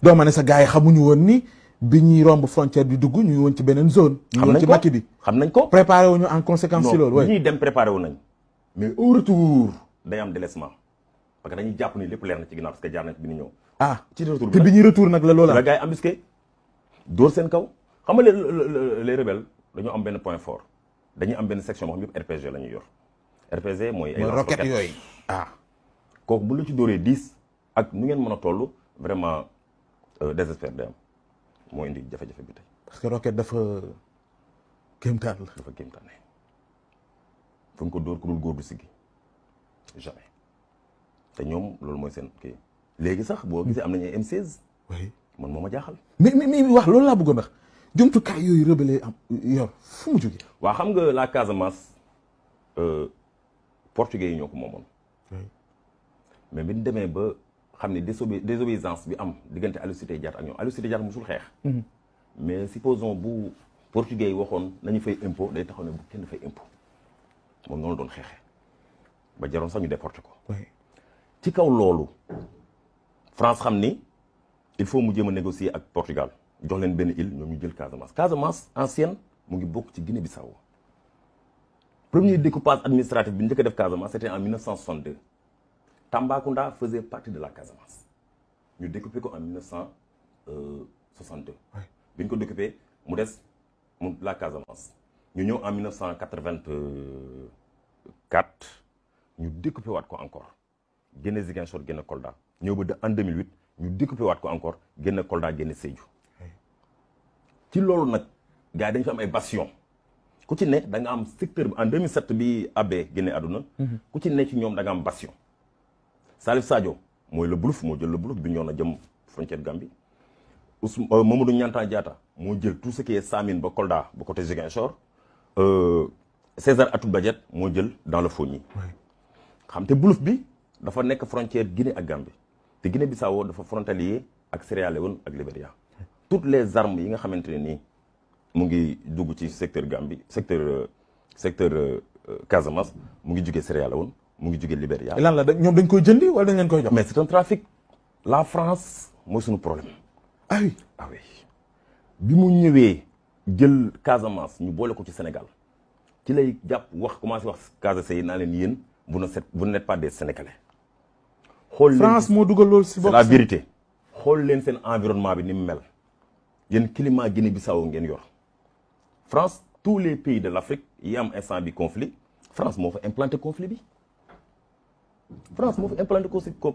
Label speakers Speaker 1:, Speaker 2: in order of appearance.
Speaker 1: doo ma ne sa gars yi xamuñu woon ni bi ñuy romb frontière bi dugg ñu woon ci beneen zone. ñu woon ci Maki bi xam nañ ko préparé wu en conséquence. si loolu waaye ñuy dem préparé wu nañ. mais au retour day am délaissement parce que dañuy jàpp nii lépp leer na ci ginnaaw parce que jaar bi ñu ñëw. ah bi te bi ñuy retour nag la loola. la gars yi embusqué dóor seen kaw xam nga les les rebelles dañoo am benn point fort dañuy am benn section boo la ñuy yor. RPG mooy ay roquettes yooyu ah. kooku bu lu ci dóoree 10 ak nu ngeen mën a toll vraiment désespère day am moo indi jafe-jafe bi tey. parce que roquette dafa kéemtaan la. dafa kéemtaan ne fu ñu ko dóor ku dul góor siggi jamais te ñoom loolu mooy seen kii léegi sax boo gisee am na ay M16. oui man moo ma jaaxal. mais mais wax loolu laa bëggoon wax jumtukaay yooyu rebelle am yor fu mu jógee. waa xam nga la Casamance euh, portugais yi ñoo ko moomoon. mais bi demee ba. xam ne désobé désobéissance bi am diggante Aline Sitoé ak ñoo Aline Sitoé musul xex mhm. mais supposons bu portugais yi waxoon nañu fay impôt day taxone bu kenn fay impôt mo noonu doon xexé ba jaroon sax ñu déporter ko. ci kaw lolu France xam il faut mu jëma négocier ak Portugal jox leen ben île ñom ñu jël Casamance Casamance ancienne mu ngi bok ci Guinée Bissau premier découpage administratif bi ñu def Casamance c'était en 1962. Tambacounda faisait partie de la Casamance ñu découpé ko en 1962. oui bi ko découpé mu la Casamance ñu ñëw en 1984 ñu découpé waat ko encore Zigan Ziguinchor génne Kolda ñëw ba de en 2008 ñu découpé encore Géné Kolda Géné Sédhiou ci loolu nag gars yi dañu fi am ay ku ci secteur en 2007 bi abbé génne Aduna. Mhm. ku ci ne ci bastion Salif Sadio mooy Le Blouf moo jël Le Blouf bi ñoo na jëm frontière Gambie Ousmane euh, Mamadou Niantang Diatta moo jël tout ce qui est Samine ba Kolda ba côté Ziguinchor euh, César Atoute Badiate moo jël dans le Fogni xam te Blouf bi dafa nekk frontière Guinée ak Gambie te Guinée Bissau dafa frontalier ak Sierra woon ak Libéria toutes les armes yi nga xamante ne nii mu ngi dugg ci secteur Gambie secteur euh, secteur Casamance mu ngi jugee Sierra woon mu ngi Libéria. lan la ñoom dañ koy jëndi wala dañ leen koy jox. mais c'est un trafic la France mooy suñu problème. ah oui ah oui bi mu ñëwee jël Casamance ñu boole ko ci Sénégal ci lay jàpp wax commencé wax Casamance yi naa leen yéen bu ne set n'êtes pas des Sénégalais. xool France moo dugal loolu si bopp. c'est la vérité xool leen seen environnement bi ni mu mel yéen climat Guinée-Bissau ngeen yor France tous les pays de l'Afrique yi am instant bi conflit France moo fa implanté conflit bi. France move implanté ko si ko